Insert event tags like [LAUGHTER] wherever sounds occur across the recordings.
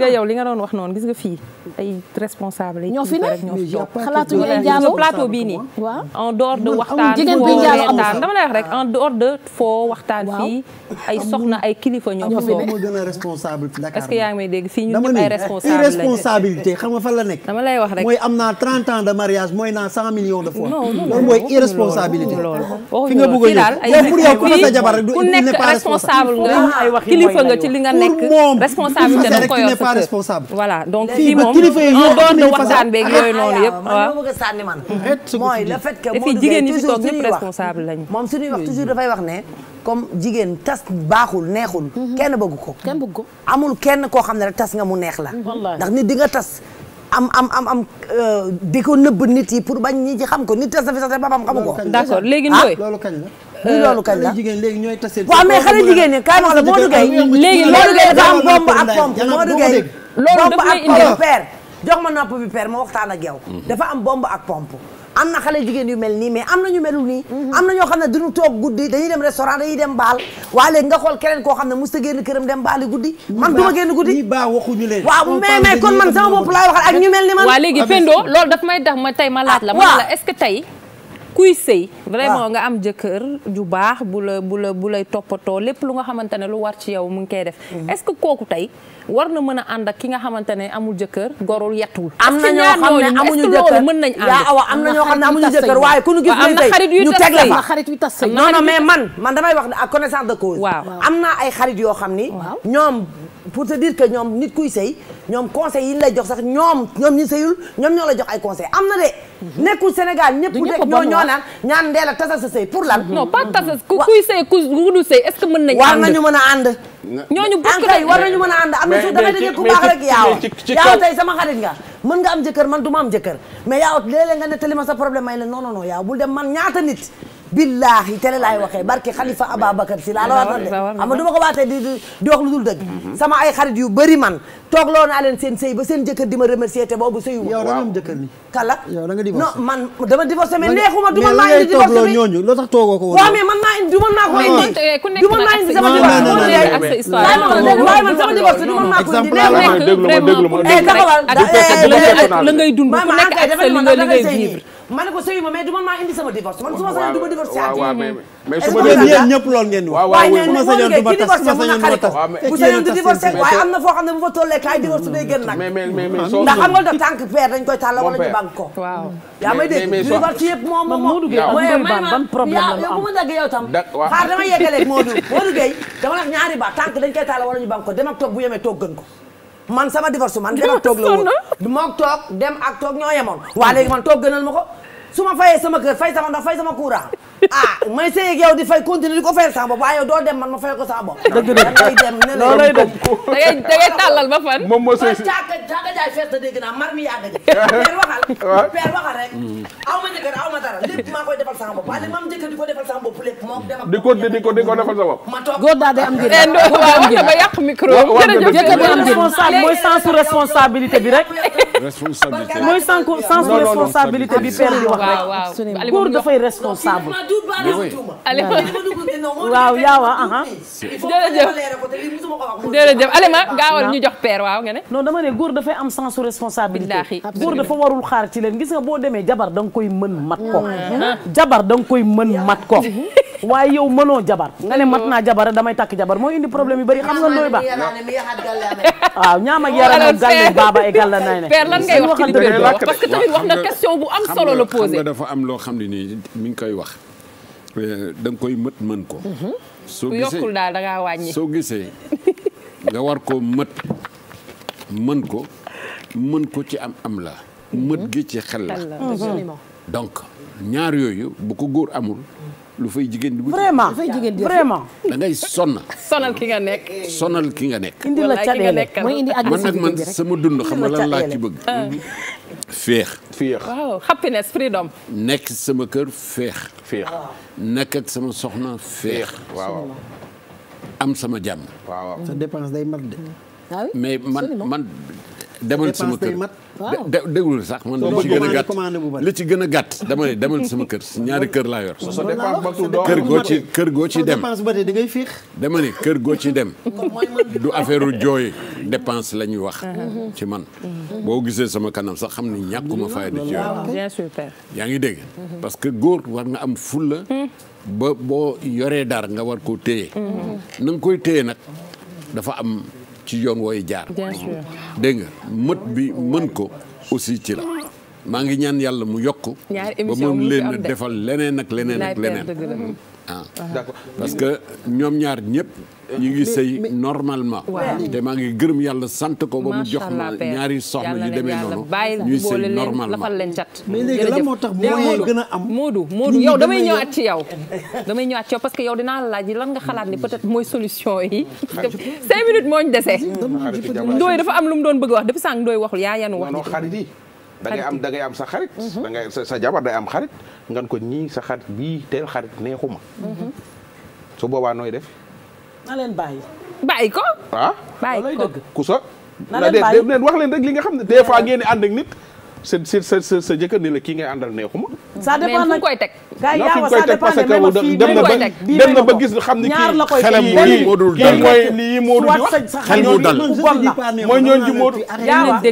nga yow li nga doon wax noonu gis nga fii ay responsable ñoo fi ne xalaatuñu ay njaalo plateau bii nii en dehors de waxtaan foo reetaan dama lay wax rek en dehors de foo waxtaan fii ay soxna ay kilifa ñoo fi toog gën a responsable est-ce que yaa ngi may dégg fii ñu ñëpp ay responsable irresponsabilité xam nga fan la nekk dama lay wax rek mooy am naa 30 ans de mariage mooy naa 100 millions de fois loolu mooy irresponsabilité fi nga bëgg a daal yow pour yow ku ne sa jabar rek du ku nekk responsable nga kilifa nga ci li nga nekk responsabilité da nga koy yor pas responsable. voilà donc fii moom en dehors de waxtaan beeg ah, yooyu noonu yëpp. waaw man bëgg ñi fi toog ñëpp responsable lañu. wax toujours dafay wax ne comme jigéen tas baaxul neexul. Mhm. kenn bëgg ko. kenn ko amul kenn koo xam ne rek tas nga mu neex la. ndax nit di nga tas. am am am euh, di ko nëbb nit yi pour ba ñi ci xam ko nit tas na fi sax papam xamu ko. d'accord léegi Ndoye ah? Euh, loolu kañ waaw mais xale jigéen ñi kaay ma xam ne Modou Gueye léegi Modou Gueye dafa am bomb ak pomp Modou Gueye loolu bomb ma nopp bi père ma waxtaan ak yow mm-hmm. dafa am bomb ak pomp am na xale jigéen yu mel nii mais am na ñu melul nii mm-hmm. am na ñoo xam ne duñu toog guddi dañuy dem restaurant dañuy dem baal waa léegi nga xool keneen koo xam ne mos a génn këram dem baali guddi man du ma génn guddi baa waxuñu leen waaw mais kon man sama bopp laay waxal ak ñu mel ni man waa léegi ah, Pendo loolu daf may tax ma tey ma laaj la ah, man la est-ce tey kuy sëy ah. vraiment nga am jëkkër ju baax bu la bu la bu lay toppatoo lépp lu nga xamante ne lu war ci yow mu ngi koy def mhm. est-ce que kooku tey war na mën a ànd ak ki nga xamante ne amul jëkkër gorul yettul am na ñoo xam ne amuñu jëkkër mën nañ ànd am na ñoo xam ne amuñu jëkkër waaye ku ñu gis am na xarit yu teg la fa tas sëy non non man man damay wax à connaissance de cause waaw am na ay xarit yoo xam ni ñoom pour te dire que ñoom nit kuy sëy ñoom conseil yi ñu lay jox sax ñoom ñoom ñi sëyul ñoom ñoo la jox ay conseil am na de mhm. nekkul Sénégal ñëpp rek ñoo ñoo naan ñaan ndeel a tasal sa sëy pour lan non pas mhm. tasal ku kuy sëy ku du sëy est-ce que mën nañu war nañu mën a ànd war nañu mën a ànd am na su damay daje ku baax rek yaaw yaaw tey sama xarit nga mën nga am jëkkër man du ma am jëkkër mais yaaw léeg-léeg nga nettali ma sa problème may la non non non yaaw bul dem man ñaata nit billaahi te laay waxee barke xalifa Ababacar si laa la wax de xam nga du ma ko waatee di di wax lu dul dëgg sama ay xarit yu bëri man toog loo naa leen seen sëy ba seen jëkkër di ma remercier te boobu sëyu yow da nga am jëkkër ni kala yow da nga divorcé non man dama divorcé mais neexuma du ma maa indi divorcé toogloo ñooñu loo tax toogoo ko woon waaw mais man maa indi du ma maa ko indi du ma maa indi sama divorcé waaye man du ma maa ko indi neexuma déglu ma déglu ma taxawal la ngay dund ku nekk ak sa li nga mane ne ko sëyu ma mais du man maa indi sama divorce man su ma sañoon divorce at mais su ma yéen ñëpp loolu waaye nee na moom ngeen ki waaye am na foo xam ne bu fa tollee kaay divorce mm, day gën nag ndax xam nga da tànk père dañ koy tàlla wala ñu bànk ko yaa may dégg divorce yëpp moom moo duggee ban problème la am yow bu ma dagg yow tam xaar dama yeggaleeg Modou Modou Gueye dama la ñaari ba ko dem ak toog bu yemee toog ko man sama divorce man dem ak toog la woon mook toog dem ak toog ñoo yemoon waa léegi man toog gënal ma ko su ma fayee sama kër fay sama ndox fay sama courant [LAUGHS] ah may sëy ak yow di fay continuer di ko fayal sama bopp waaye yow doo dem man ma fayal ko sama bopp. [LAUGHS] dëgg la da ngay dem ne la da ngay da ngay tàllal ba fan. moom moo sëy si caaka caaka jaay fees na dégg naa mar mi yàgg jaay. [LAUGHS] père waxal. waaw père waxal rek. aw ma jëkkër aw ma dara lépp maa koy defal sama bopp waaye li ma am jëkkër di ko defal sama bopp lépp moom dem ak. di ko di ko di ko defal sa bopp. ma toog góor daa day am jëkkër. góor daa am jëkkër waaw wax na ba yàq micro. jëkkër bi am jëkkër mooy sensu responsabilité bi rek responsabilité mooy sànq sens responsabilité bi père di wax rek. góor dafay responsable. waaw yaaw ah. jërëjëf jërëjëf Alima gaawal ñu jox per waaw nga ne. dama ne góor dafay am sens responsabilité. góor dafa warul xaar ci leen gis nga boo demee jabar dang koy mën mat ko. jabar da nga koy mën mat ko. waaye yow mënoo jabar nga ne mat naa jabar damay takk jabar mooy indi problème yu bari xam nga nooy ba waaw ñaam ak yaram baaba e gàlle nay ne père lan ngay wax ci li parce na question bu am solo la posé xam dafa am loo xam ne nii mi ngi koy wax euh, da koy mët mën ko mhm. soo daal da ngaa soo gisee nga war ko mët mën ko mën ko ci am am la mhm. mët gi ci xel la donc ñaar yooyu bu ko góor amul lu fay jigéen di. vraiment vraiment. da ngay sonn. sonal ki nga nekk. sonal ki nga nekk. indi la cadeele mooy indi man nag man sama dund xam nga lan laa ci bëgg. Ah. féex. féex waaw happiness freedom. nekk sama kër féex. féex nekk ak sama soxna féex. waaw am sama jàmm. waaw sa dépense day mat de. Ah mais man man. demal sama kër déglu sax man li ci gën a gàtt li ci gën a gàtt dama ne sama kër ñaari kër laa yor kër goo ci kër goo ci dem dama ne kër goo ci dem [LAUGHS] du affaire u jooy dépense la ñuy wax ci man boo gisee sama kanam sax xam ni ñàkkuma fayda ci yooyu ah, yaa ngi dégg parce que góor war nga am fulla ba boo yoree dara nga war koo téye mm-hmm. na koy téye nag dafa am ci yoon wooy jaar dégg mët bi mën ko aussi ci la maa ngi ñaan yàlla mu yokk ba mën leen defal leneen ak leneen ak leneen ah d'accord parce que ñoom ñaar ñëpp. ñu ngi sëy normalement. te maa ngi gërëm yàlla sant ko ba mu jox ma ñaari soxna ñu demee noonu. ñuy sëy normalement mais léegi lan moo tax mooy gën a am. Moodu Moodu yow damay ñëwaat ci yow. damay ci yow parce que yow dinaa la laaj lan nga xalaat ni peut-être mooy solution yi. Ah, cinq minutes moo dese. Ndoye dafa am lu mu doon bëgg wax depuis sànq Ndoye waxul yaa yanu wax. da ngay am da ngay am sa xarit. Mhm. da ngay sa jabar day am xarit ngan ko nii sa xarit bii teel xarit neexuma. Mhm. su boobaa nooy def. na leen bàyyi. bàyyi ko. ah bàyyi ko ku sa. na leen bàyyi na wax leen rek li nga xam ne des fois ngeen di ànd ak nit. sa sa sa sa jëkkër kii ngay àndal neexuma. ça dépend nag koy teg. gars yi yaa wa ça dépend même fii dem na ba dem na ba gis xam ni kii xelam kii kii mooy lii Modou di wax xel mu dal mooy ñooñu ji Modou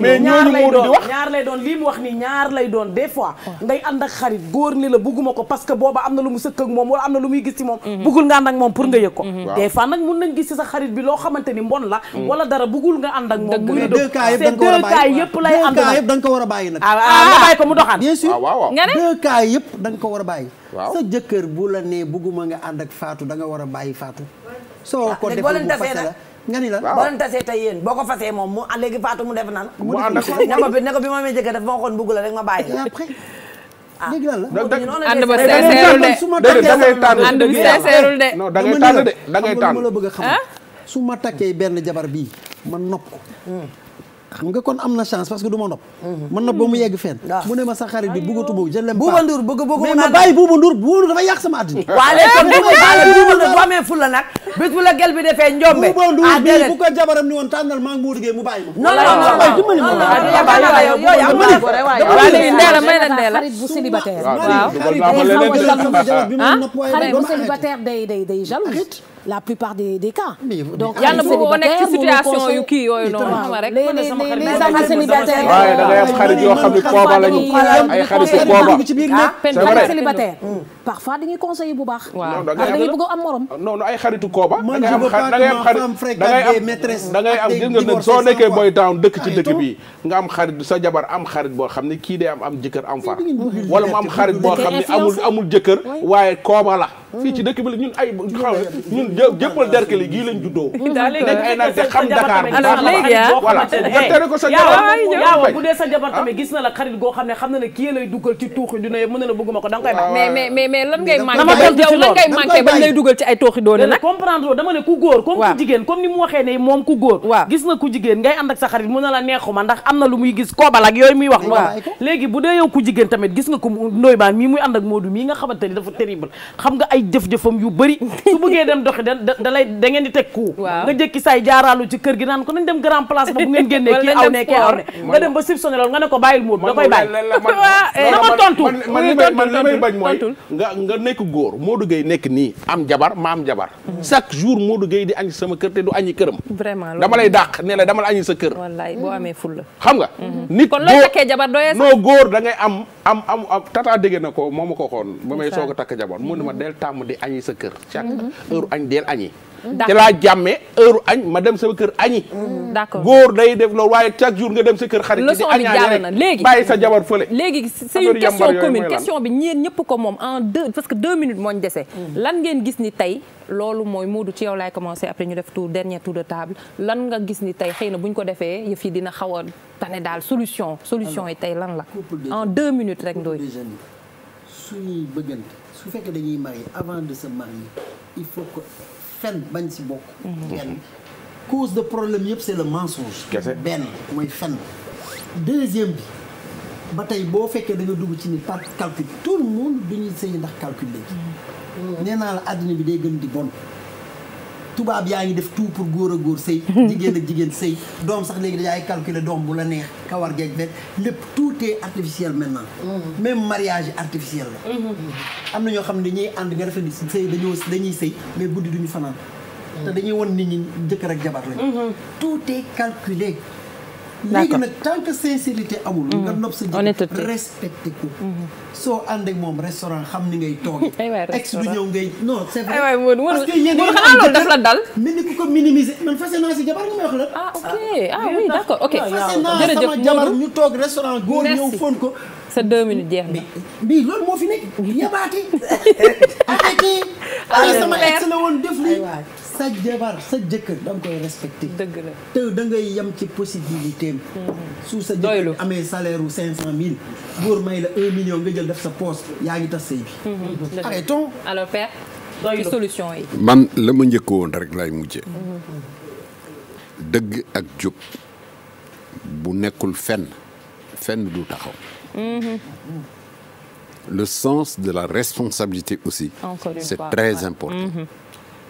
mais ñooñu Modou di wax ñaar lay doon lii mu wax ni ñaar lay doon des fois ngay ànd ak xarit góor ni la bugguma ko parce que booba am na lu mu sëkk ak moom wala am na lu muy gis ci moom mm-hmm. buggul nga ànd ak moom pour nga yëg ko mm-hmm. des fois nag mun nañ gis ci sa xarit bi loo xamante ni mbon la mm. wala dara buggul nga ànd ak moom muy deux cas yëpp lay ànd nag da nga ko war a bàyyi nag ah, ah, nga bàyyi ko mu doxaan bien sûr ah, deux cas yëpp da nga ko war a bàyyi waaw sa jëkkër bu la nee bugguma nga ànd ak faatu danga war a bàyyi Fatou. Ah, soo ko defee bu fase la nga ni la boo leen tasee tey yéen boo ko fasee moom mu ah, léegi Fatou mu def nan mu ànd ak ne ko bi ma amee jëkkër daf ma waxoon bugg la rek ma bàyyi la ah. léegi lan la ànd ba seeseerul de da ngay tànn ànd bi seeseerul de non da ngay tànn de da ngay tànn la bëgg a xam su ma takkee benn jabar bii ma nopp ko hmm. xam nga kon am na chance parce que du ma nopp mën na ba mu yegg fenn mu ne ma sa xarit bi bëggatu boobu je l'aime pas Bouba Ndour bëgg bëggu mais ma bàyyi Bouba ma bàyyi Bouba Ndour bu gel bi defee njombe Bouba Ndour bii bu ko jabaram ni woon tànnal maa ngi mu liggéey mu bàyyi ma non non ma léegi ndeela may na day day day la plupart des des cas. donc yàlla bu ko nekk ci situation yu kii yooyu noonu. xam nga rek mën na sama xarit les amis célibataires. waaye da ngay am xarit yoo xam ne pooba lañu. ay xaritu pooba ah, c'est vrai célibataire. Mm. parfois dañuy conseiller bu baax. waaw da ngay bëgg am morom. Ah, non non ay xaritu kooba. da ngay am da ngay am xarit da ngay am da ngay am gis nga ne soo nekkee dëkk ci dëkk bi nga am xarit sa jabar am xarit boo xam ne kii day am am jëkkër am far wala mu am xarit boo xam ne amul amul jëkkër waaye kooba la fii ci dëkk bi la ah. la xarit goo xam ne xam léegi bu dee yow ku jigéen tamit gis nga ko ndooy baan mii muy ànd ak Modou mii nga xamante ni dafa terrible xam nga ay jëf-jëfam yu bëri su bëggee dem doxi da da lay da ngeen di teg ku nga jëkki saay jaaraalu ci kër gi naan ko nañ dem grand place ba bu ngeen génnee kii da koy bàyyi na ma [LAUGHS] eh, tontu man li may bañ mooy nga nga nekk góor Modou am jabar ma am jabar chaque jour Modou Gueye di añi sama kër te du añi këram vraiment dama lay dàq ne la dama la añi sa kër wallaay boo amee ful xam nga mhm. nit kon loo takkee jabar doyee noo góor a takk jabar mu ne ma del tam tàmm di añi sa kër. chaque mhm. heure añ deel añi. ci laa añ ma dem sama kër añi. Mhm. d'accord góor day def loolu waaye chaque jour nga dem sa kër xarit. di añaane sa jabar fële. bi ñeen ñëpp ko moom en deux parce que deux minutes moo ñu dese. Mhm. lan ngeen gis ni tey loolu mooy Modou ci yow laay commencer après ñu def tour dernier tour de table lan nga gis ni tey xëy na bu ñu ko defee yëf yi dina xaw a tane daal solution. solution yi tey lan la en deux minutes rek Ndoye. suñuy bëggante su fekkee dañuy marier avant de se marier il faut que fen bañ si bokk. benn mhm. cause de problème yëpp c'est le mensonge. benn mooy fen. deuxième bi ba tey boo fekkee da dugg ci ni par calcul tout le monde du ñuy sëy ndax calcul la mhm. la àddina bi day gën di bon. tubaab yaa ngi def tout pour góor a góor sëy [LAUGHS] jigéen ak jigéen sëy doom sax léegi dañuy calculer doom bu la neex kawar geeg benn lépp tout est artificiel maintenant mm-hmm. même mariage artificiel la mm-hmm. am na ñoo xam ne dañuy ànd nga defe ni sëy dañoo dañuy sëy mais guddi ñu fanaan te dañuy won nit ñi jëkkër ak jabar lañ mm-hmm. tout est calculé léegi nag tant que sincérité amul. nga mm-hmm. nopp sa jëkkër respecté ko. Mm-hmm. soo ànd ak moom restaurant xam ni ngay toog. [LAUGHS] ex ñëw ngay non c'est vrai. aywaay Modou Modou xanaa loolu daf la dal. mel ni ku ko minimiser man fase naa si jabar ah, ah, ah, sama ñu toog restaurant góor ñëw fon ko. sa deux minutes jeex na. bii loolu moo fi nekk [LAUGHS] yabaate. [LAUGHS] arrêté. sama ex la woon def lii. sa jabar sa jëkkër da koy respecté. dëgg la te da ngay yem ci possibilité am. Mm-hmm. su sa jëkkër amee salaire ru 500000. góor may la 1 million nga jël def sa poos yaa ngi tas sëy bi. Mm-hmm. Mm-hmm. arrêtons alors solution man la ma njëkkoon rek lay mujje dëgg ak jub bu nekkul fenn fenn du taxaw. le sens de la responsabilité aussi. c'est très important.